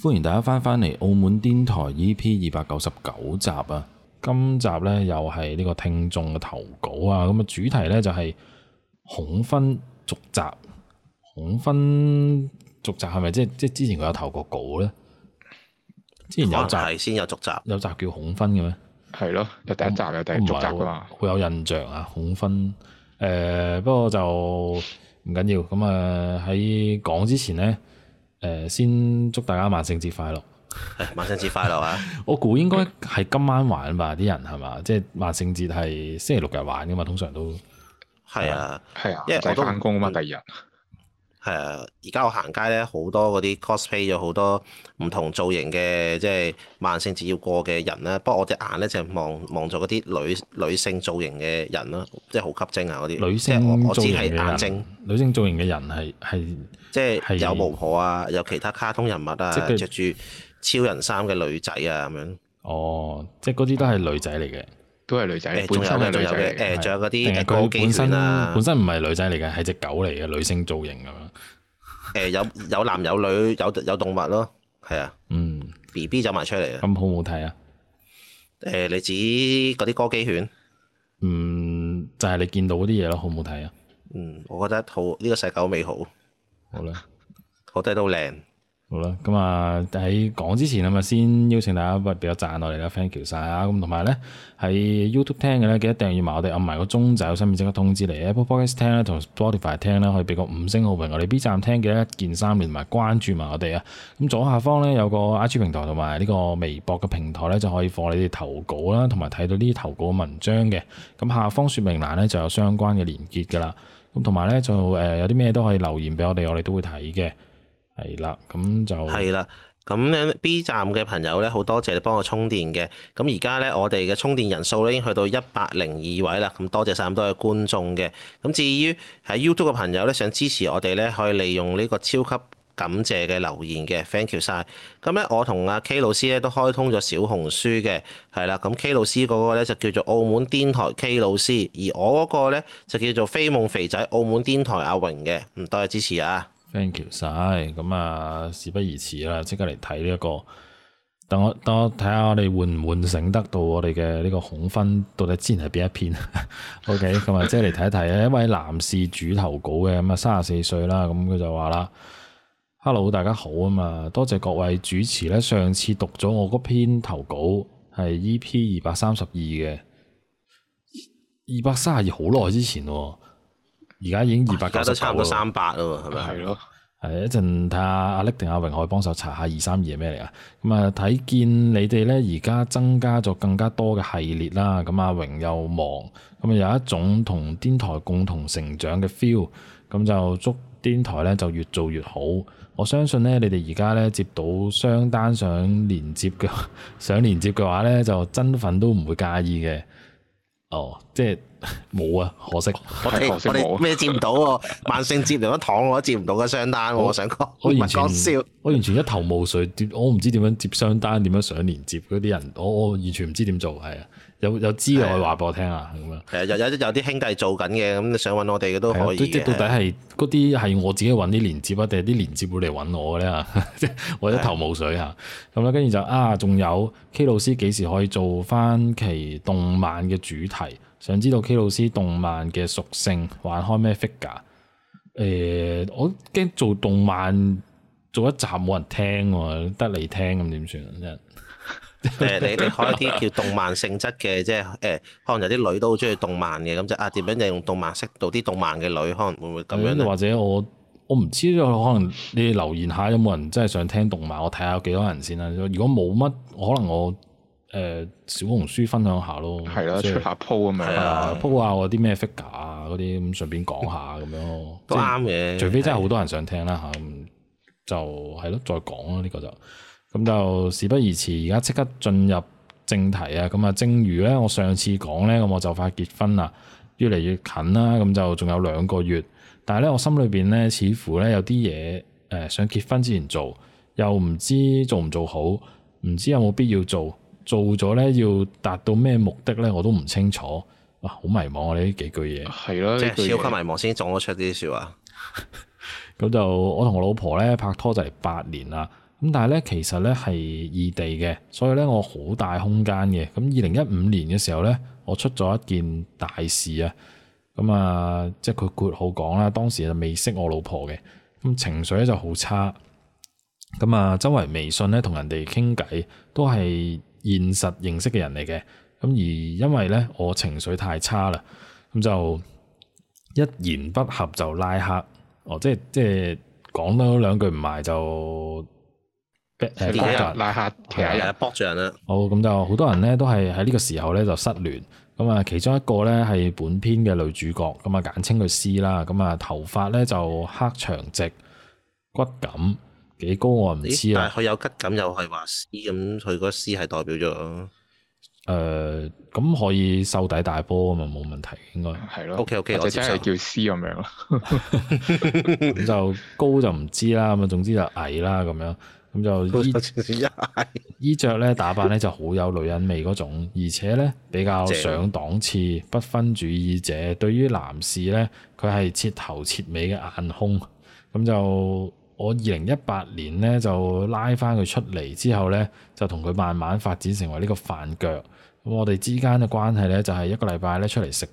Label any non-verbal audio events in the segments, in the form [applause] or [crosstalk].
歡迎大家翻返嚟《澳門癲台》EP 二百九十九集啊！今集咧又係呢個聽眾嘅投稿啊！咁啊主題咧就係《恐婚續集》。恐婚續集係咪即係即係之前佢有投過稿咧？之前有集先有續集，有集叫恐婚嘅咩？係咯，有第一集有我第一集第一集續集噶嘛？會有印象啊？恐婚呃，誒，不過就唔緊要。咁啊喺講之前咧。誒，先祝大家萬聖節快樂！萬聖節快樂啊！我估應該係今晚玩吧，啲人係嘛，即係萬聖節係星期六日玩噶嘛，通常都係啊，係、嗯、啊，因為都翻工啊嘛，嗯、第二日。係啊，而家我行街咧，好多嗰啲 cosplay 咗好多唔同造型嘅，即係萬聖節要過嘅人啦。不過我隻眼咧就望望咗嗰啲女女性造型嘅人咯，即係好吸睛啊嗰啲。女性造型嘅人，女性造型嘅人係係即係有巫婆啊，有其他卡通人物啊，着住即係超人衫嘅女仔啊咁樣。哦，即係嗰啲都係女仔嚟嘅。都係女仔，本身係女仔嘅，仲有，誒，仲有嗰啲哥基犬啊，本身唔係女仔嚟嘅，係隻狗嚟嘅，女性造型咁樣。誒，有有男有女有有動物咯，係啊。嗯，B B 走埋出嚟啊，咁好唔好睇啊？誒，你指嗰啲哥基犬？嗯，就係你見到嗰啲嘢咯，好唔好睇啊？嗯，我覺得好呢個世界好美好。好咧，我覺得都靚。好啦，咁啊喺講之前啊嘛，咁咪先邀請大家不如俾個贊落嚟啦 Thank you，晒啊，咁同埋咧喺 YouTube 聽嘅咧，記得訂閱埋我哋，按埋個鐘仔，有身面即刻通知你。Apple Podcast 聽咧，同 Spotify 聽咧，可以俾個五星好評我哋。B 站聽嘅一鍵三連同埋關注埋我哋啊。咁左下方咧有個 IG 平台同埋呢個微博嘅平台咧，就可以放你哋投稿啦，同埋睇到呢啲投稿嘅文章嘅。咁下方說明欄咧就有相關嘅連結噶啦。咁同埋咧就誒有啲咩都可以留言俾我哋，我哋都會睇嘅。係啦，咁就係啦，咁樣 B 站嘅朋友咧，好多謝你幫我充電嘅。咁而家咧，我哋嘅充電人數咧已經去到一百零二位啦。咁多謝晒咁多位觀眾嘅。咁至於喺 YouTube 嘅朋友咧，想支持我哋咧，可以利用呢個超級感謝嘅留言嘅，thank you 晒。咁咧，我同阿 K 老師咧都開通咗小紅書嘅，係啦。咁 K 老師嗰個咧就叫做澳門癲台 K 老師，而我嗰個咧就叫做飛夢肥仔澳門癲台阿榮嘅。唔多謝支持啊！Thank you 晒咁啊，事不宜遲啦，即刻嚟睇呢一個，等我等我睇下我哋喚唔喚醒得到我哋嘅呢個恐婚到底之前係邊一篇 [laughs] ？OK，咁啊，即係嚟睇一睇啊，一位男士主投稿嘅。咁啊，三十四歲啦，咁佢就話啦，Hello 大家好啊嘛，多謝各位主持咧，上次讀咗我嗰篇投稿係 EP 二百三十二嘅，二百三十二好耐之前喎。而家已經二百九，都差唔多三百咯，係咪？係咯吧，係一陣睇下阿力定阿榮可以幫手查下二三二係咩嚟啊？咁啊睇見你哋咧，而家增加咗更加多嘅系列啦。咁阿榮又忙，咁啊有一種同癲台共同成長嘅 feel。咁就祝癲台咧就越做越好。我相信咧，你哋而家咧接到商單想連接嘅想連接嘅話咧，就真粉都唔會介意嘅。哦，oh，即係冇啊，可惜， [laughs] 可惜 [laughs] 我哋咩接唔到喎，萬聖節接唔到糖，我都接唔到個商單，我想講我完全講笑，我完全一頭霧水，我唔知點樣接商單，點樣上連接嗰啲人，我我完全唔知點做，係啊。有有資料可以話俾我聽啊，咁樣。係啊，有有有啲兄弟做緊嘅，咁你想揾我哋嘅都可以。即到底係嗰啲係我自己揾啲連接啊，定係啲連接會嚟揾我咧啊？ [laughs] 我一頭霧水啊。咁咧的，跟住就啊，仲有 K 老師幾時可以做翻期動漫嘅主題？想知道 K 老師動漫嘅屬性，玩開咩 figure？誒、呃，我驚做動漫做一集冇人聽、啊，得你聽咁點算啊？誒 [laughs] 你你開一啲叫動漫性質嘅，即係誒可能有啲女都好中意動漫嘅，咁就啊，點樣就用動漫識到啲動漫嘅女可能會唔會咁樣？或者我我唔知，可能你留言下有冇人真係想聽動漫，我睇下有幾多人先啦。如果冇乜，可能我誒、呃、小紅書分享下咯。係咯的，即出下鋪咁的、啊、樣。啊，鋪下我啲咩 figure 啊嗰啲咁，順便講下咁樣咯。都啱嘅，除非真係好多人想聽啦嚇，的就係咯，再講啦呢個就。咁就事不宜遲，而家即刻進入正題啊！咁啊，正如咧，我上次講咧，咁我就快結婚啦，越嚟越近啦，咁就仲有兩個月。但係咧，我心裏邊咧，似乎咧有啲嘢誒，想結婚之前做，又唔知做唔做好，唔知有冇必要做，做咗咧要達到咩目的咧，我都唔清楚。哇，好迷茫啊！呢幾句嘢係咯，的即係超級迷茫先講得出啲說話！咁 [laughs] [laughs] 就我同我老婆咧拍拖就係八年啦。咁但係咧，其實咧係異地嘅，所以咧我好大空間嘅。咁二零一五年嘅時候咧，我出咗一件大事啊，咁啊，即係佢括號講啦。當時就未識我老婆嘅，咁情緒咧就好差。咁啊，周圍微信咧同人哋傾偈都係現實認識嘅人嚟嘅。咁而因為咧我情緒太差啦，咁就一言不合就拉黑。哦，即係即係講多兩句唔埋就。連拉客，其他人搏住、嗯、人啦。好、哦，咁就好多人咧，都係喺呢個時候咧就失聯。咁啊，其中一個咧係本片嘅女主角，咁啊，簡稱佢 C 啦。咁啊，頭髮咧就黑長直，骨感幾高我，我唔知啊。佢有骨感，又係話 C 咁，佢個 C 係代表咗誒，咁、呃、可以瘦底大波咁啊，冇問題，應該係咯。O K O K，我就真係叫 C 咁樣咯。 [laughs] [laughs] 咁就高就唔知啦，咁啊，總之就矮啦，咁樣。咁就衣 [laughs] 衣着咧，打扮咧就好有女人味嗰種，而且咧比較上檔次。不分主義者對於男士咧，佢係徹頭徹尾嘅眼紅。咁就我二零一八年咧就拉返佢出嚟之後咧，就同佢慢慢發展成為呢個飯腳。咁我哋之間嘅關係咧，就係、是、一個禮拜咧出嚟食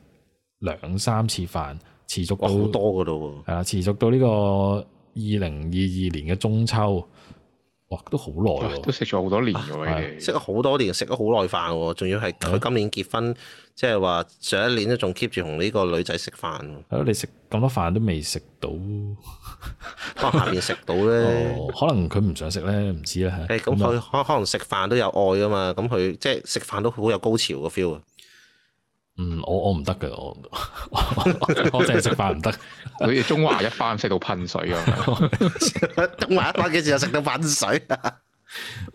兩三次飯，持續到多嘅咯。係啦，持續到呢個二零二二年嘅中秋。哇，都好耐都食咗好多年已喎，食咗好多年，食咗好耐飯喎，仲要係佢今年結婚，即係話上一年都仲 keep 住同呢個女仔食飯。係咯、啊，你食咁多飯都未食到，當 [laughs] 下面食到咧、哦，可能佢唔想食咧，唔知啦嚇。誒、啊，咁佢可可能食飯都有愛啊嘛，咁佢即係食飯都好有高潮嘅 feel 啊！嗯，我我唔得㗎，我我淨係食飯唔得。好似 [laughs] [laughs] 中華一番食到噴水咁，啊，中華一番幾時又食到噴水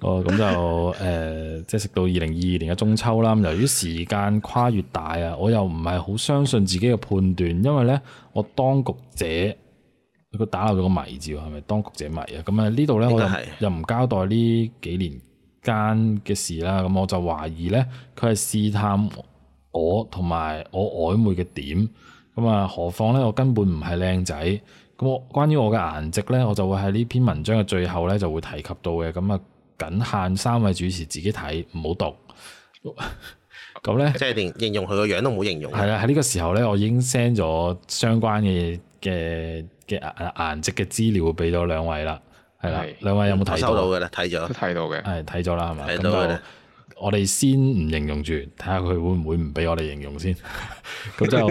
哦，咁就誒，即係食到二零二二年嘅中秋啦。由於時間跨越大啊，我又唔係好相信自己嘅判斷，因為咧，我當局者佢打漏咗個迷字，係、嗯、咪當局者迷啊？咁啊，呢度咧我又又唔交代呢幾年間嘅事啦。咁我就懷疑咧，佢係試探。我同埋我曖昧嘅點，咁啊，何況咧，我根本唔係靚仔。咁我關於我嘅顏值咧，我就會喺呢篇文章嘅最後咧就會提及到嘅。咁啊，僅限三位主持自己睇，唔好讀。咁 [laughs] 咧呢，即係連形容佢個樣都唔好形容。係啦，喺呢個時候咧，我已經 send 咗相關嘅嘅嘅顏值嘅資料俾咗兩位啦。係啦，Okay. 兩位有冇睇？收到㗎啦，睇咗，睇到嘅，係睇咗啦，係嘛？睇到。我哋先唔形容住，睇下佢會唔會唔俾我哋形容先。咁 [laughs] 就而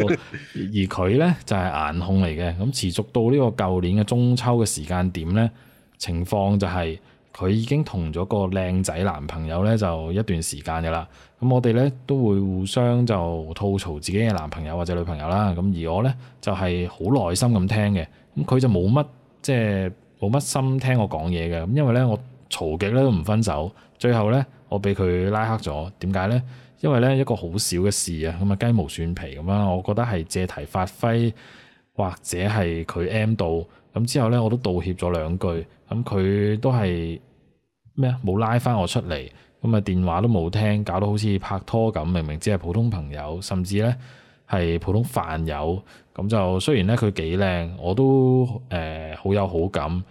佢呢，就係、是、顏控嚟嘅。咁、嗯、持續到呢個舊年嘅中秋嘅時間點呢，情況就係佢已經同咗個靚仔男朋友呢，就一段時間㗎喇。咁我哋呢，都會互相就吐槽自己嘅男朋友或者女朋友啦。咁、嗯、而我呢，就係、是、好耐心咁聽嘅。咁、嗯、佢就冇乜即係冇乜心聽我講嘢嘅。咁因為呢，我嘈極咧都唔分手，最後呢，我俾佢拉黑咗，點解呢？因為呢一個好小嘅事啊，咁啊雞毛蒜皮咁樣。我覺得係借題發揮，或者係佢 M 到，咁之後呢，我都道歉咗兩句，咁佢都係咩啊？冇拉翻我出嚟，咁啊電話都冇聽，搞到好似拍拖咁，明明只係普通朋友，甚至呢係普通飯友。咁就雖然呢，佢幾靚，我都誒好、呃、有好感。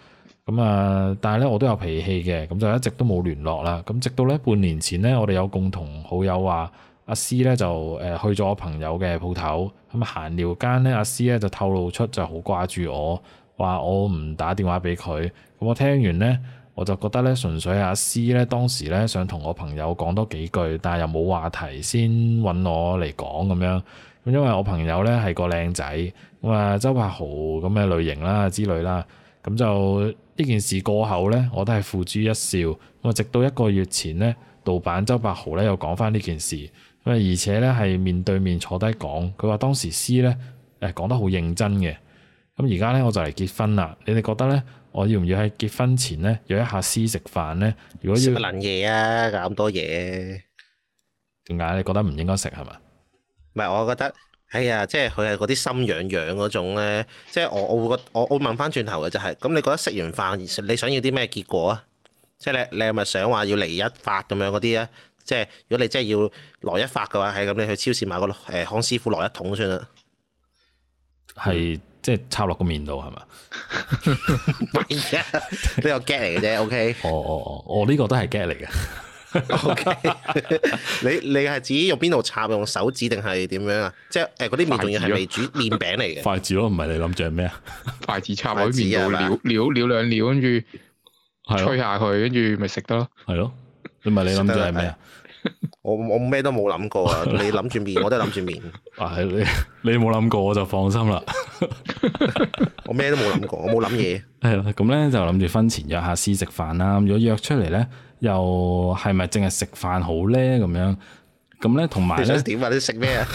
咁啊！但係咧，我都有脾氣嘅，咁就一直都冇聯絡啦。咁直到咧半年前咧，我哋有共同好友話阿師咧就誒去咗我朋友嘅鋪頭，咁閒聊間咧，阿師咧就透露出就好掛住我，話我唔打電話俾佢。咁我聽完咧，我就覺得咧，純粹阿師咧當時咧想同我朋友講多幾句，但係又冇話題，先揾我嚟講咁樣。咁因為我朋友咧係個靚仔，咁啊周柏豪咁嘅類型啦之類啦。咁就呢件事過後呢，我都係付諸一笑。咁啊，直到一個月前呢，盜版周柏豪呢又講翻呢件事，咁而且呢，係面對面坐低講。佢話當時 C 呢誒講得好認真嘅。咁而家呢，我就嚟結婚啦，你哋覺得呢？我要唔要喺結婚前呢約一下 C 食飯呢？如果要食乜撚嘢啊？咁多嘢點解你覺得唔應該食係嘛？唔係我覺得。係啊、哎，即係佢係嗰啲心癢癢嗰種咧，即係我我會覺我我問翻轉頭嘅就係、是，咁你覺得食完飯你想要啲咩結果啊？即係你你係咪想話要嚟一發咁樣嗰啲啊？即係如果你真係要落一發嘅話，係咁你去超市買個誒康師傅落一桶算啦，係即係插落個面度係嘛？唔係 [laughs] [laughs] 啊，呢個 get 嚟嘅啫，ok。哦哦哦，我呢個都係 get 嚟嘅。 [laughs] o Okay . K， [laughs] 你你係自己用邊度插？用手指定係點樣啊？即係誒，嗰、呃、啲麵仲要係未煮麵餅嚟嘅筷子咯，唔係你諗住係咩啊？筷子插喺麵度，撩、啊，撩撩兩撩，跟住吹下佢，跟住咪食得咯。係咯，咁咪你諗住係咩啊？我我咩都冇諗過啊！你諗住面，我都係諗住面。係 [laughs] 你你冇諗過，我就放心啦。 [laughs] [laughs] 我咩都冇諗過，我冇諗嘢。係咯， [laughs] 咁咧就諗住婚前約下私食飯啦。如果約出嚟咧，又係咪淨係食飯好咧？咁樣。咁咧，同埋咧，點啊？你食咩啊？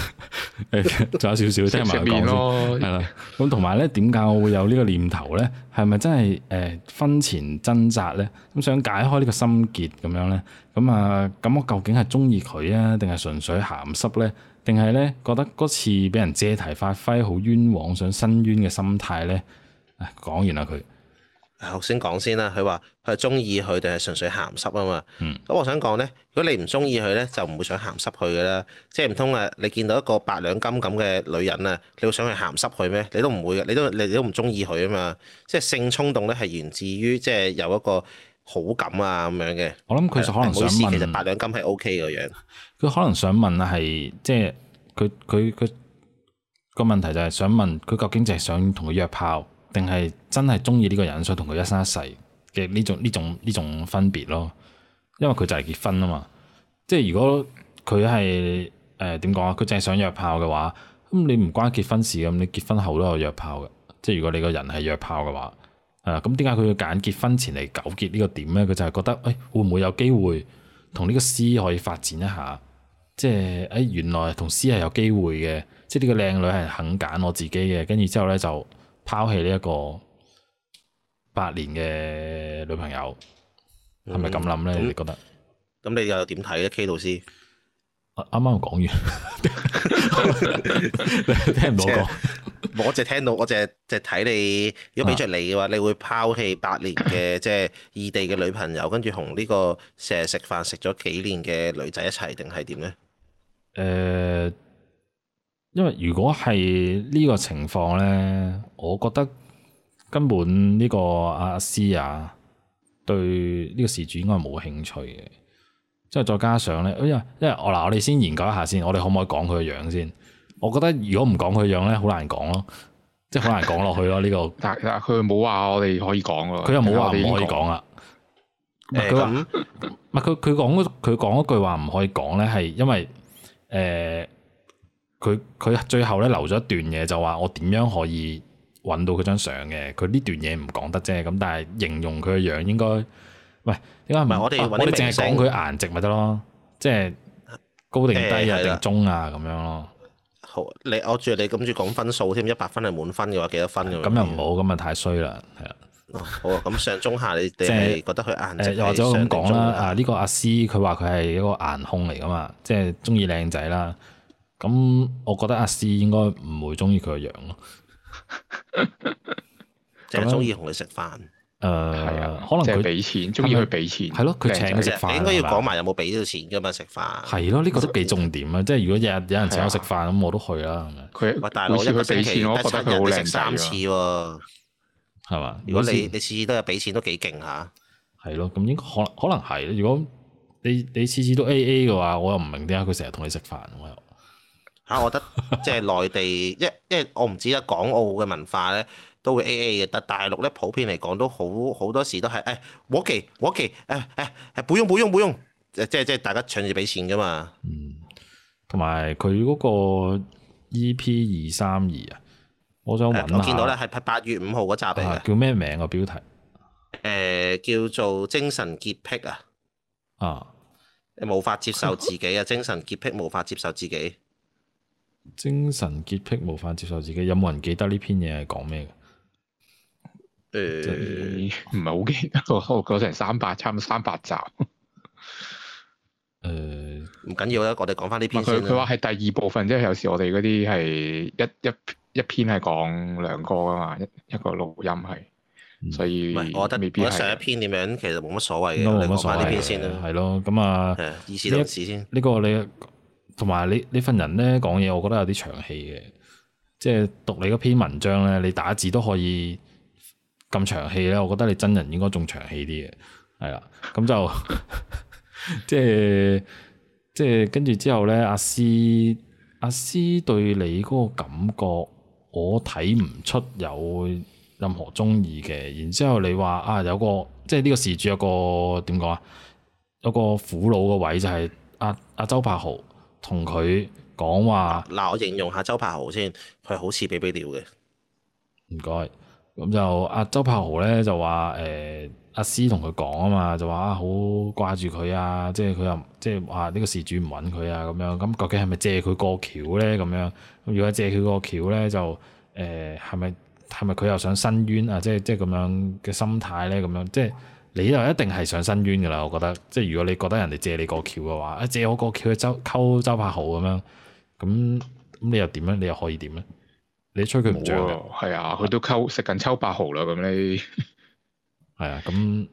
誒， [laughs] 仲有少少聽埋佢講先，係啦。咁同埋咧，點解我會有呢個念頭咧？係咪真係誒婚前掙扎咧？咁想解開呢個心結咁樣咧？咁啊，咁我究竟係中意佢啊，定係純粹鹹濕咧？定係咧覺得嗰次俾人借題發揮，好冤枉，想申冤嘅心態咧？誒，講完啦佢。大學先講先啦，佢話佢中意佢定係純粹鹹濕啊嘛。咁、嗯、我想講咧，如果你唔中意佢咧，就唔會想鹹濕佢噶啦。即係唔通啊？你見到一個八兩金咁嘅女人啊，你會想去鹹濕佢咩？你都唔會嘅，你都你你都唔中意佢啊嘛。即係性衝動咧，係源自於即係有一個好感啊咁樣嘅。我諗佢可能想問，其實八兩金係 OK 嘅樣。佢可能想問啊，係即係佢佢佢個問題就係想問佢究竟淨係想同佢約炮。定係真係中意呢個人，想同佢一生一世嘅呢種呢種呢種分別咯。因為佢就係結婚啊嘛，即係如果佢係誒點講啊，佢淨係想約炮嘅話，咁你唔關結婚事，咁你結婚後都有約炮嘅。即係如果你個人係約炮嘅話，咁點解佢要揀結婚前嚟糾結呢個點呢？佢就係覺得誒、哎、會唔會有機會同呢個 C 可以發展一下？即係誒、哎、原來同 C 係有機會嘅，即係呢個靚女係肯揀我自己嘅，跟住之後呢，就。拋棄呢一個八年嘅女朋友，係咪咁諗咧？你覺得？咁你又點睇咧？K 導師，啱啱講完，聽唔到講，我淨係聽到，我淨係睇你，如果俾着你嘅話，你會拋棄八年嘅即係異地嘅女朋友，跟住同呢個成日食飯食咗幾年嘅女仔一齊，定係點咧？誒。因為如果係呢個情況咧，我覺得根本呢個阿思啊，對呢個事主應該冇興趣嘅。即係再加上咧、哎，因為因為我嗱，我哋先研究一下先，我哋可唔可以講佢個樣先？我覺得如果唔講佢樣咧，好難講咯，即係好難講落去咯呢、這個。但係佢冇話我哋可以講咯。佢又冇話唔可以講啦。佢話唔係佢佢講佢講嗰句話唔可以講咧，係因為誒。呃佢佢最後咧留咗一段嘢，就話我點樣可以揾到佢張相嘅？佢呢段嘢唔講得啫，咁但係形容佢嘅樣應該，喂，點解唔係我哋、啊、我哋淨係講佢顏值咪得咯？即係高定低啊定、欸、中啊咁樣咯。好，你我住你咁住講分數添，一百分係滿分嘅話幾多分咁？又唔好，咁啊太衰啦，係啊、哦。好啊，咁上中下你哋係、 [laughs] 就是、覺得佢顏值幾？誒，或者咁講啦，啊呢、呢個阿 C 佢話佢係一個顏控嚟噶嘛，即係中意靚仔啦。咁，我覺得阿 C 應該唔會中意佢個樣咯，就係中意同你食飯。誒，係啊，可能佢俾錢，中意去俾錢係咯。佢請佢食飯，應該要講埋有冇俾到錢噶嘛？食飯係咯，呢個都幾重點啊。即係如果日日有人請我食飯，咁我都去啦。係咪佢大佬一個俾錢，我覺得佢好認真噶。係嘛？如果你你次次都有俾錢，都幾勁吓。係咯，咁應該可能可能係。如果你你次次都 A A 嘅話，我又唔明點解佢成日同你食飯，我又。吓， [laughs] 我覺得即係內地，一因為我唔知得港澳嘅文化咧，都會 A A 嘅，但大陸咧普遍嚟講，都好好多時都係誒，我記我記誒誒誒，不、哎哎、用不用不用，用，即係即係大家搶住俾錢㗎嘛。嗯，同埋佢嗰個 E P 二三二啊，我想我見到咧係八月五號嗰集嚟叫咩名個標、啊、題？誒、呃，叫做精神潔癖啊。啊，你無法接受自己啊？ [laughs] 精神潔癖無法接受自己。精神潔癖無法接受自己，有冇人記得呢篇嘢係講咩嘅？誒，唔係好記得，我嗰陣三百，差唔多三百集。誒，唔緊要啦，我哋講翻呢篇佢佢話係第二部分，即係有時我哋嗰啲係一一一篇係講兩個噶嘛，一一個錄音係，所以我覺得未必係上一篇點樣，其實冇乜所謂嘅。你講埋呢篇先啦，係咯，咁啊，意思意思先。呢個你。同埋呢呢份人咧講嘢，我覺得有啲長氣嘅，即係讀你嗰篇文章咧，你打字都可以咁長氣啦。我覺得你真人應該仲長氣啲嘅，係啦，咁就 [laughs] 即係即係跟住之後咧，阿思阿思對你嗰個感覺，我睇唔出有任何中意嘅。然之後你話啊有個即係呢個事主有個點講啊，有個苦惱嘅位就係阿阿周柏豪。同佢講話，嗱、啊、我形容下周柏豪先，佢好似俾俾料嘅。唔該，咁就阿周柏豪咧就話誒阿師同佢講啊嘛，就話啊好掛住佢啊，即係佢又即係話呢個事主唔揾佢啊咁樣，咁究竟係咪借佢過橋咧咁樣？如果借佢過橋咧就誒係咪係咪佢又想申冤啊？即係即係咁樣嘅心態咧咁樣，即係。你又一定係上新淵㗎啦，我覺得，即係如果你覺得人哋借你個橋嘅話，啊借我個橋去周溝周柏豪咁樣，咁咁你又點樣？你又可以點咧？你催佢唔漲嘅，係啊，佢都溝食緊溝柏豪啦，咁你係啊，咁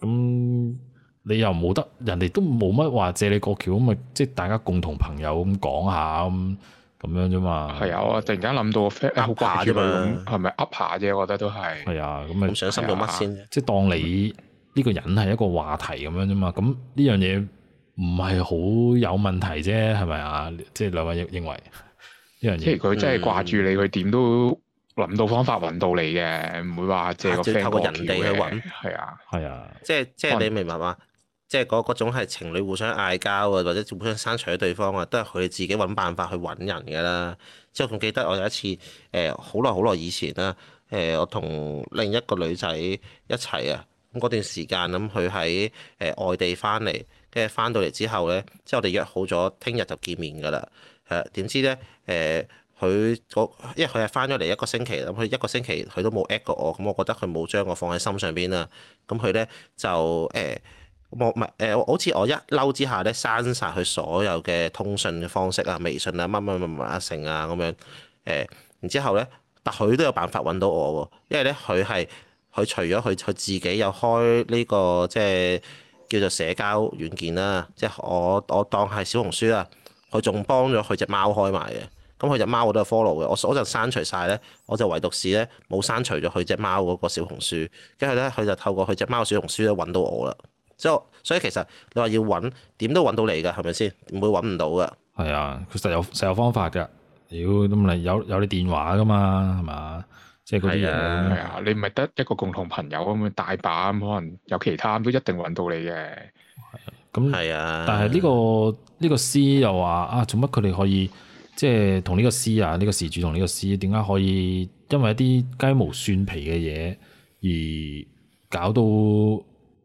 咁你又冇得，人哋都冇乜話借你個橋，咁咪即係大家共同朋友咁講下咁咁樣啫嘛。係啊，我突然間諗到個 friend 噏下啫嘛，係咪噏下啫？我覺得都係。係啊，咁啊，唔想深乜先，即係當你。呢個人係一個話題咁樣啫嘛。咁呢樣嘢唔係好有問題啫，係咪啊？即係兩位認認為呢樣嘢，即係佢真係掛住你，佢點、嗯、都諗到方法揾到你嘅，唔會話借個 friend 去揾。係啊，係啊，即係即係你明唔明啊？即係嗰嗰種係情侶互相嗌交啊，或者互相刪除對方啊，都係佢自己揾辦法去揾人噶啦。即係我仲記得我有一次誒，好耐好耐以前啦，誒、呃，我同另一個女仔一齊啊。咁嗰段時間，咁佢喺誒外地翻嚟，跟住翻到嚟之後咧，即係我哋約好咗聽日就見面㗎啦。誒、呃、點知咧？誒、呃、佢因為佢係翻咗嚟一個星期啦，咁、嗯、佢一個星期佢都冇 at 過我，咁、嗯、我覺得佢冇將我放喺心上邊啦。咁佢咧就誒、呃，我，唔係誒，好似我一嬲之下咧刪晒佢所有嘅通訊方式啊，微信啊，乜乜乜乜阿成啊咁樣。誒、嗯、然之後咧，但佢都有辦法揾到我喎，因為咧佢係。佢除咗佢佢自己有開呢個即係叫做社交軟件啦，即係我我當係小紅書啦。佢仲幫咗佢隻貓開埋嘅，咁佢隻貓我都係 follow 嘅。我我就刪除晒咧，我就唯獨是咧冇刪除咗佢隻貓嗰個小紅書，跟住咧佢就透過佢隻貓小紅書咧揾到我啦。即係所以其實你話要揾點都揾到你噶，係咪先？唔會揾唔到噶。係啊，佢實有實有方法㗎。屌都唔有有，有你電話㗎嘛，係嘛？即係啲嘢，係啊！你唔係得一個共同朋友咁樣大把咁，可能有其他都一定揾到你嘅。咁係啊！但係呢個呢個師又話啊，做乜佢哋可以即係同呢個師啊，呢個事主同呢個師點解可以因為一啲雞毛蒜皮嘅嘢而搞到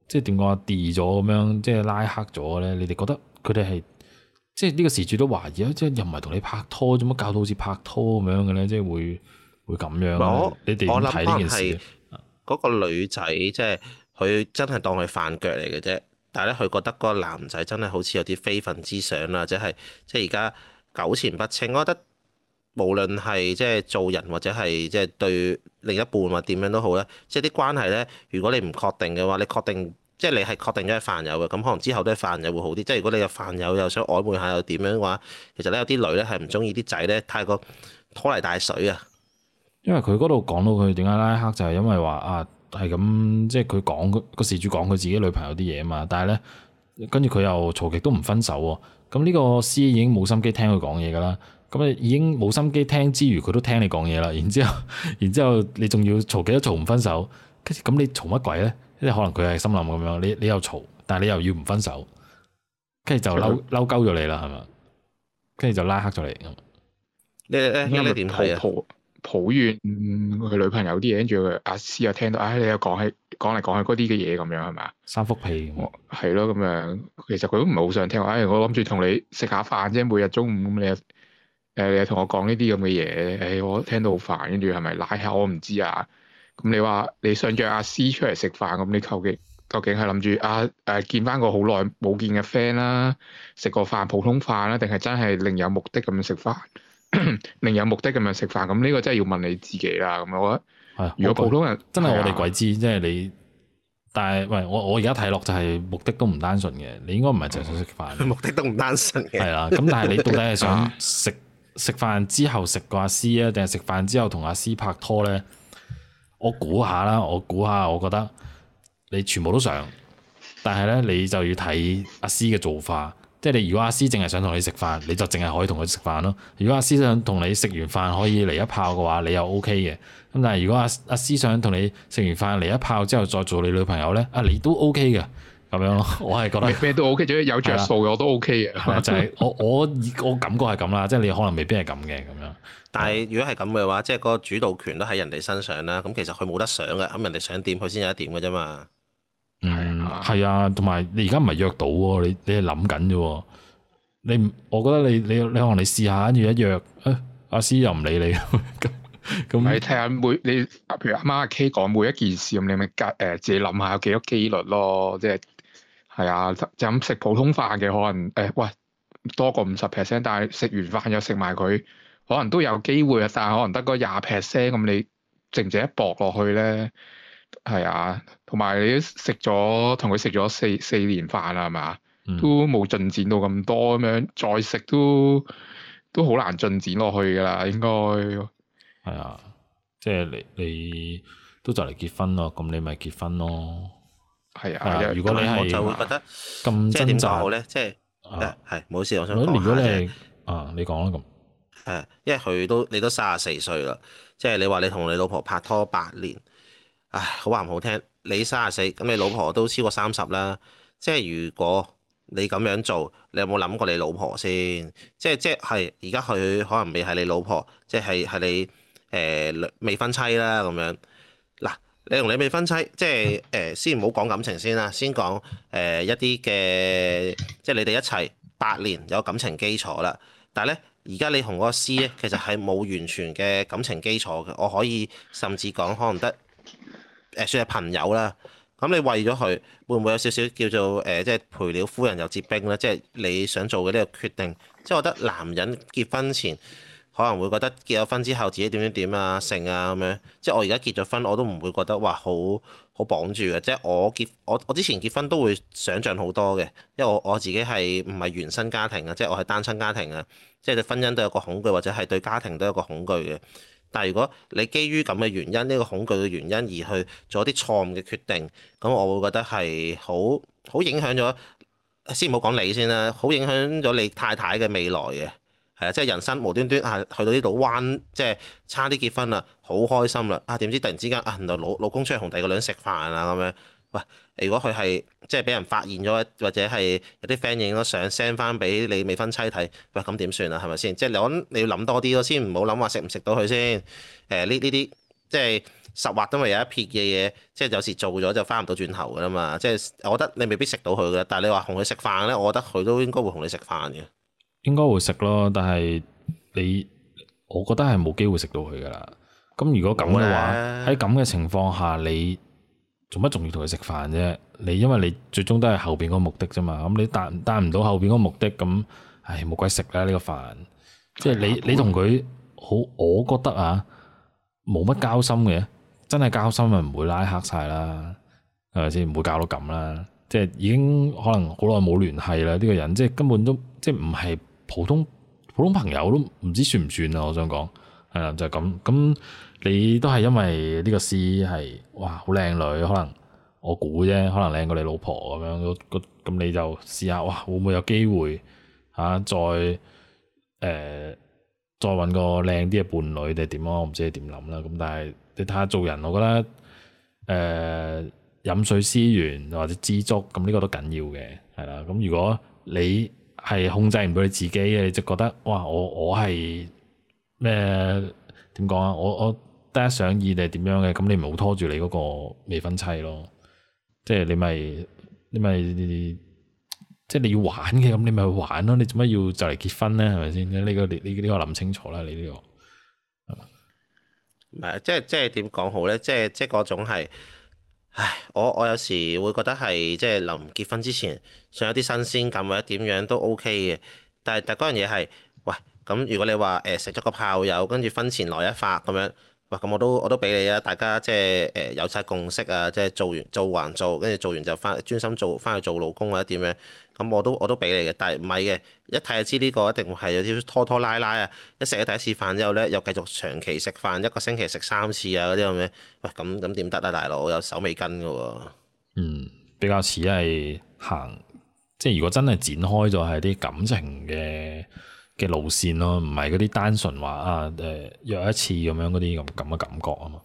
即係點講 delete 咗咁樣，即係拉黑咗咧？你哋覺得佢哋係即係呢個事主都懷疑啊！即係又唔係同你拍拖，做乜搞到好似拍拖咁樣嘅咧？即係會。會咁樣我你哋我諗返係嗰個女仔，即係佢真係當佢飯腳嚟嘅啫。但係咧，佢覺得嗰個男仔真係好似有啲非分之想啦，即係即係而家糾纏不清。我覺得無論係即係做人或者係即係對另一半或點樣都好咧，即係啲關係咧，如果你唔確定嘅話，你確定即係你係確定咗係飯友嘅咁，可能之後都係飯友會好啲。即係如果你嘅飯友又想曖昧下又點樣嘅話，其實咧有啲女咧係唔中意啲仔咧太過拖泥帶水啊。因為佢嗰度講到佢點解拉黑就係因為話啊係咁即係佢講個事主講佢自己女朋友啲嘢啊嘛，但係咧跟住佢又嘈極都唔分手喎，咁呢個 C 已經冇心機聽佢講嘢噶啦，咁啊已經冇心機聽之餘佢都聽你講嘢啦，然之後然之後你仲要嘈極都嘈唔分手，跟住咁你嘈乜鬼咧？即係可能佢係心諗咁樣，你你又嘈，但係你又要唔分手，跟住就嬲嬲鳩咗你啦，係嘛？跟住就拉黑咗你。你你你點睇啊？抱怨佢女朋友啲嘢，跟住阿詩又聽到，唉、哎，你又講起講嚟講去嗰啲嘅嘢咁樣係咪啊？三幅皮，係咯咁樣。其實佢都唔係好想聽。唉、哎，我諗住同你食下飯啫，每日中午咁你誒、呃、你又同我講呢啲咁嘅嘢，唉、哎，我聽到好煩。跟住係咪拉下我唔知啊？咁、嗯、你話你想約阿詩出嚟食飯咁，你究竟究竟係諗住啊誒、呃、見翻個好耐冇見嘅 friend 啦，食個飯普通飯啦、啊，定係真係另有目的咁樣食飯？ [laughs] 另有目的咁樣食飯，咁呢個真係要問你自己啦。咁我覺得，的如果普通人真係我哋鬼知，的即係你，但係喂，我我而家睇落就係目的都唔單純嘅。你應該唔係淨係想食飯，目的都唔單純嘅。 [laughs] 係啦，咁但係你到底係想食食飯之後食個阿師啊，定係食飯之後同阿師拍拖咧？我估下啦，我估下，我覺得你全部都想，但係咧你就要睇阿師嘅做法。即係你如果阿思淨係想同你食飯，你就淨係可以同佢食飯咯。如果阿思想同你食完飯可以嚟一炮嘅話，你又 OK 嘅。咁但係如果阿阿思想同你食完飯嚟一炮之後再做你女朋友咧，啊你 OK [laughs] 都 OK 嘅咁樣咯。我係覺得咩都 OK，最有著數嘅我都 OK 嘅。的 [laughs] 就係我我我感覺係咁啦，即係你可能未必係咁嘅咁樣。但係如果係咁嘅話，即係個主導權都喺人哋身上啦。咁其實佢冇得想嘅，咁人哋想點佢先有一點嘅啫嘛。係啊，同埋你而家唔係約到喎，你你係諗緊啫喎。你，你我覺得你你你可能你，你試下，跟住一約，哎、阿阿師又唔理你咁。咁 [laughs] 樣你睇下每你，譬如阿媽阿 K 講每一件事咁，你咪格自己諗下有幾多機率咯。即係係啊，就咁食普通飯嘅可能誒、哎，喂多過五十 percent，但係食完飯又食埋佢，可能都有機會，但係可能得個廿 percent 咁，你靜靜一搏落去咧？係啊，同埋你都食咗同佢食咗四四年飯啦，係嘛，都冇進展到咁多咁樣，再食都都好難進展落去噶啦，應該係啊，即係你你都就嚟結婚咯，咁你咪結婚咯，係啊。如果你這樣 就會覺得咁就好咧，即係係冇事。我想，如果如果你啊，你講啦咁，誒、啊，因為佢都你都三十四歲啦，即係你話你同你老婆拍拖八年。唉，好話唔好聽，你三十四，咁你老婆都超過三十啦。即係如果你咁樣做，你有冇諗過你老婆先？即係即係而家佢可能未係你老婆，即係係你誒、呃、未婚妻啦咁樣嗱。你同你未婚妻即係誒、呃、先唔好講感情先啦，先講誒、呃、一啲嘅即係你哋一齊八年有感情基礎啦。但係咧，而家你同嗰個 C 咧，其實係冇完全嘅感情基礎嘅。我可以甚至講可能得。誒算係朋友啦，咁你為咗佢，會唔會有少少叫做誒、呃，即係陪了夫人又折兵咧？即係你想做嘅呢個決定，即係我覺得男人結婚前可能會覺得結咗婚之後自己點點點啊，性啊咁樣。即係我而家結咗婚，我都唔會覺得話，好好綁住嘅。即係我結我我之前結婚都會想象好多嘅，因為我我自己係唔係原生家庭啊，即係我係單親家庭啊，即係對婚姻都有個恐懼，或者係對家庭都有個恐懼嘅。但係如果你基於咁嘅原因，呢個恐懼嘅原因而去做一啲錯誤嘅決定，咁我會覺得係好好影響咗。先唔好講你先啦，好影響咗你太太嘅未來嘅，係啊，即係人生無端端啊，去到呢度彎，即係差啲結婚啦，好開心啦，啊點知突然之間啊，原來老老公出去同第二個女食飯啊咁樣，喂。如果佢係即係俾人發現咗，或者係有啲 friend 影咗相 send 翻俾你未婚妻睇，喂，咁點算啊？係咪先？即係諗你要諗多啲咯，先唔好諗話食唔食到佢先。誒呢呢啲即係十劃都未有一撇嘅嘢，即係有時做咗就翻唔到轉頭噶啦嘛。即係我覺得你未必食到佢嘅，但係你話同佢食飯咧，我覺得佢都應該會同你食飯嘅。應該會食咯，但係你我覺得係冇機會食到佢噶啦。咁如果咁嘅話，喺咁嘅情況下你。做乜仲要同佢食飯啫？你因為你最終都係後邊嗰個目的啫嘛。咁你達達唔到後邊嗰個目的，咁唉冇鬼食啦！呢個飯，即係你你同佢好，我覺得啊，冇乜交心嘅。真係交心咪唔會拉黑晒啦，係咪先？唔會搞到咁啦。即係已經可能好耐冇聯繫啦。呢個人即係根本都即係唔係普通普通朋友都唔知算唔算啊？我想講係啦，就係咁咁。你都係因為呢個師係哇好靚女，可能我估啫，可能靚過你老婆咁樣，咁你就試下哇會唔會有機會吓、啊，再誒、呃、再揾個靚啲嘅伴侶定係點咯？我唔知你點諗啦？咁但係你睇下做人，我覺得誒、呃、飲水思源或者知足，咁呢個都緊要嘅，係啦。咁如果你係控制唔到你自己嘅，你就覺得哇我我係咩？點講啊？我我第一想意你係點樣嘅？咁你唔好拖住你嗰個未婚妻咯，即係你咪你咪即係你要玩嘅，咁你咪去玩咯。你做乜要就嚟結婚咧？係咪先？呢個你呢個諗清楚啦。你呢個係嘛？即係即係點講好咧？即係即係嗰種係，唉，我我有時會覺得係即係臨結婚之前，想有啲新鮮感或者點樣都 OK 嘅。但係但嗰樣嘢係。咁如果你話誒食咗個炮友，跟住婚前來一發咁樣，喂咁我都我都俾你啊！大家即係誒有晒共識啊，即係做完做還做，跟住做完就返專心做返去做老公或者點樣，咁我都我都俾你嘅。但係唔係嘅，一睇就知呢個一定係有啲拖拖拉拉啊！一食咗第一次飯之後咧，又繼續長期食飯，一個星期食三次啊嗰啲咁樣，喂咁咁點得啊大佬？有手尾跟㗎喎。嗯，比較似係行，即係如果真係展開咗係啲感情嘅嘅路線咯，唔係嗰啲單純話啊誒約一次咁樣嗰啲咁咁嘅感覺啊嘛。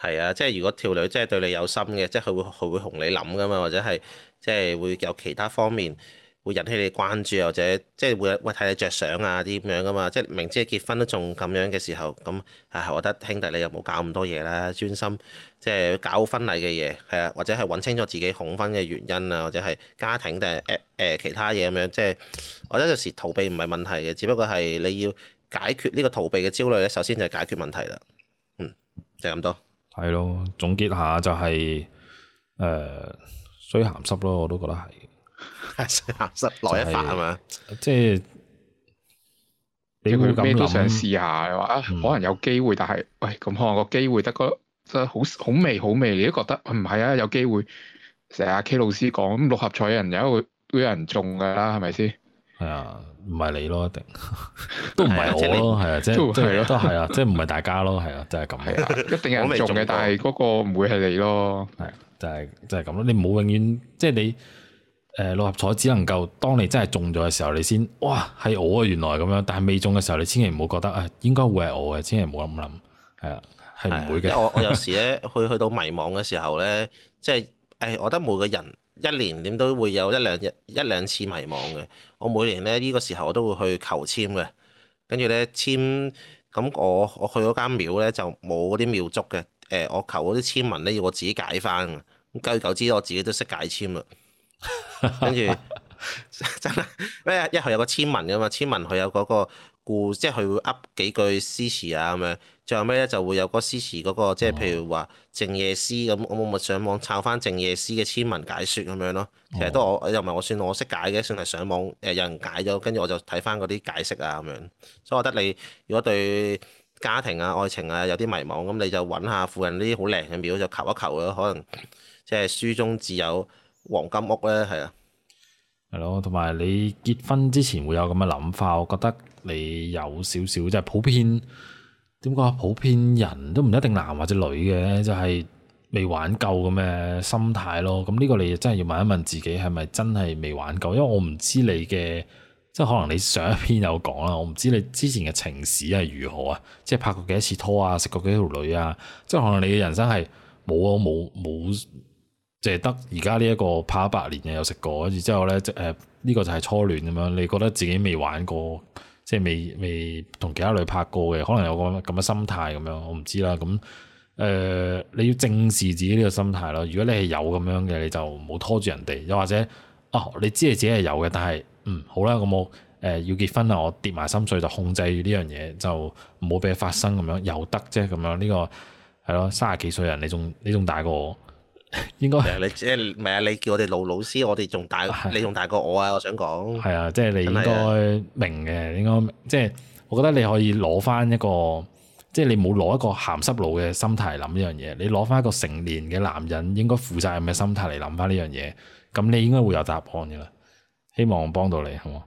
係啊，即係如果條女即係對你有心嘅，即係佢會佢會同你諗㗎嘛，或者係即係會有其他方面，會引起你關注，或者即係會為睇你着想啊啲咁樣噶嘛，即係明知係結婚都仲咁樣嘅時候，咁啊，我覺得兄弟你又冇搞咁多嘢啦，專心即係搞婚禮嘅嘢，係啊，或者係揾清楚自己恐婚嘅原因啊，或者係家庭定係誒誒其他嘢咁樣，即係我覺得有時逃避唔係問題嘅，只不過係你要解決呢個逃避嘅焦慮咧，首先就係解決問題啦。嗯，就咁多。係咯，總結下就係誒，衰鹹濕咯，我都覺得係。行實落一發係嘛，即係你會咩都想試下，話啊可能有機會，但係喂咁可能個機會得個，即係好好味好味，你都覺得唔係啊？有機會成日 K 老師講，咁六合彩人有一會都有人中噶啦，係咪先？係啊，唔係你咯，一定都唔係我咯，係啊，即係即係都係啊，即係唔係大家咯，係啊，就係咁啊，一定有中嘅，但係嗰個唔會係你咯，係就係就係咁咯，你唔好永遠即係你。誒，六合彩只能夠當你真係中咗嘅時候，你先哇係我啊！原來咁樣，但係未中嘅時候，你千祈唔好覺得啊，應該會係我嘅，千祈唔好咁諗係啊，係唔會嘅。的 [laughs] 我我有時咧去去到迷茫嘅時候咧，即係誒，我覺得每個人一年點都會有一兩日一兩次迷茫嘅。我每年咧呢、呢個時候我都會去求籤嘅，跟住咧籤咁我我去嗰間廟咧就冇嗰啲廟祝嘅誒，我求嗰啲籤文咧要我自己解翻嘅。咁久久之我自己都識解籤啦。跟住 [laughs] 真係咩啊？一係有個籤文噶嘛，籤文佢有嗰個故，即係佢會噏幾句詩詞啊咁樣。最後尾咧就會有嗰詩詞嗰、嗰個，即係譬如話靜夜思咁，我冇咪上網抄翻靜夜思嘅籤文解說咁樣咯。其實都我又唔係我算我識解嘅，算係上網誒，有人解咗，跟住我就睇翻嗰啲解釋啊咁樣。所以我覺得你如果對家庭啊、愛情啊有啲迷茫，咁你就搵下附近啲好靚嘅廟就求一求咯，可能即係書中自有。黃金屋咧，係啊，係咯。同埋你結婚之前會有咁嘅諗法，我覺得你有少少即係普遍，點講啊？普遍人都唔一定男或者女嘅，就係未玩夠咁嘅心態咯。咁呢個你真係要問一問自己，係咪真係未玩夠？因為我唔知你嘅，即係可能你上一篇有講啦，我唔知你之前嘅情史係如何啊，即係拍過幾多次拖啊，食過幾條女啊，即係可能你嘅人生係冇啊冇冇。即係得而家呢一個拍一百年嘅有食過，跟住之後咧，即係呢個就係初戀咁樣。你覺得自己未玩過，即係未未同其他女拍過嘅，可能有個咁嘅心態咁樣，我唔知啦。咁誒、呃，你要正視自己呢個心態咯。如果你係有咁樣嘅，你就唔好拖住人哋。又或者哦、啊，你知你自己係有嘅，但係嗯，好啦，我誒要結婚啦，我跌埋心碎就控制呢樣嘢，就唔好俾佢發生咁樣，又得啫咁樣。呢、這個係咯，卅幾歲人你仲你仲大過我。應該係你即係唔係啊？你叫我哋老老師，我哋仲大，你仲大過我啊！我想講係啊，即係你應該明嘅，應該即係，我覺得你可以攞翻一個即係你冇攞一個咸濕佬嘅心態嚟諗呢樣嘢，你攞翻一個成年嘅男人應該負責任嘅心態嚟諗翻呢樣嘢，咁你應該會有答案噶啦。希望幫到你，好冇？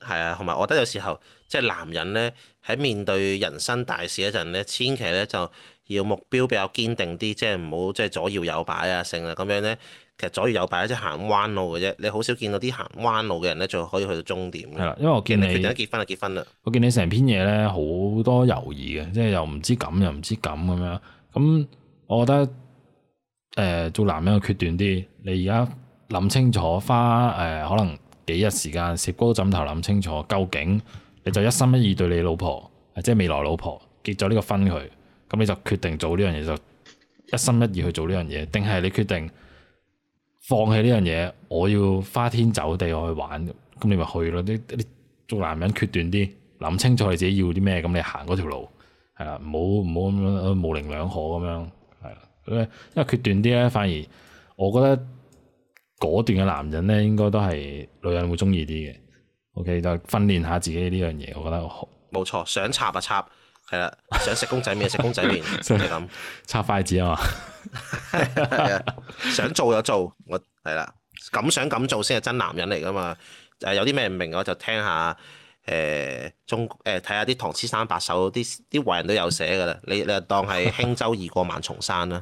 係啊，同埋我覺得有時候即係男人咧喺面對人生大事嗰陣咧，千祈咧就。要目標比較堅定啲，即係唔好即係左搖右擺啊，成日咁樣咧。其實左搖右擺即係行彎路嘅啫。你好少見到啲行彎路嘅人咧，就可以去到終點。係啦，因為我見你，你決定結婚就結婚啦。我見你成篇嘢咧好多猶豫嘅，即係又唔知咁又唔知咁咁樣。咁我覺得誒、呃、做男人要決斷啲。你而家諗清楚，花誒、呃、可能幾日時間摺高枕頭諗清楚，究竟你就一心一意對你老婆，即係未來老婆結咗呢個婚佢。咁你就決定做呢樣嘢，就一心一意去做呢樣嘢。定係你決定放棄呢樣嘢，我要花天酒地我去玩，咁你咪去咯。啲啲做男人決斷啲，諗清楚你自己要啲咩，咁你行嗰條路係啦，唔好唔好咁樣模棱兩可咁樣係啦。因為決斷啲咧，反而我覺得果斷嘅男人咧，應該都係女人會中意啲嘅。OK，就訓練下自己呢樣嘢，我覺得冇錯，想插就、啊、插。係啦，想食公仔麵食公仔麵， [laughs] 就係咁插筷子啊嘛 [laughs] [laughs] 想做就做，我係啦，咁想咁做先係真男人嚟噶嘛。誒，有啲咩唔明我就聽下，誒、呃、中誒睇下啲唐詩三百首，啲啲偉人都有寫噶啦。你你就當係輕舟已過萬重山啦，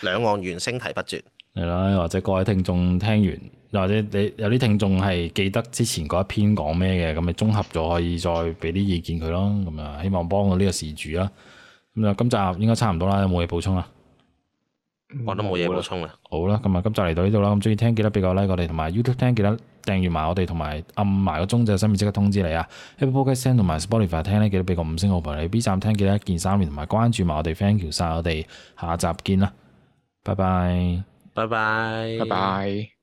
兩 [laughs] [laughs] 岸猿聲啼不絕。係啦，或者各位聽眾聽完。或者你有啲聽眾係記得之前嗰一篇講咩嘅，咁咪綜合咗可以再俾啲意見佢咯。咁啊，希望幫到呢個事主啦。咁就今集應該差唔多啦，有冇嘢補充啊？我都冇嘢補充啦。好啦，咁啊，今集嚟到呢度啦。咁中意聽記得俾個 like 我哋，同埋 YouTube 聽記得訂閱埋我哋，同埋按埋個鐘仔，心面，即刻通知你啊。Apple Podcast 同埋 Spotify 聽咧記得俾個五星好評。你喺 [laughs] B 站聽記得一鍵三連，同埋關注埋我哋 Thank you 晒，我哋下集見啦，拜拜，拜拜，拜拜。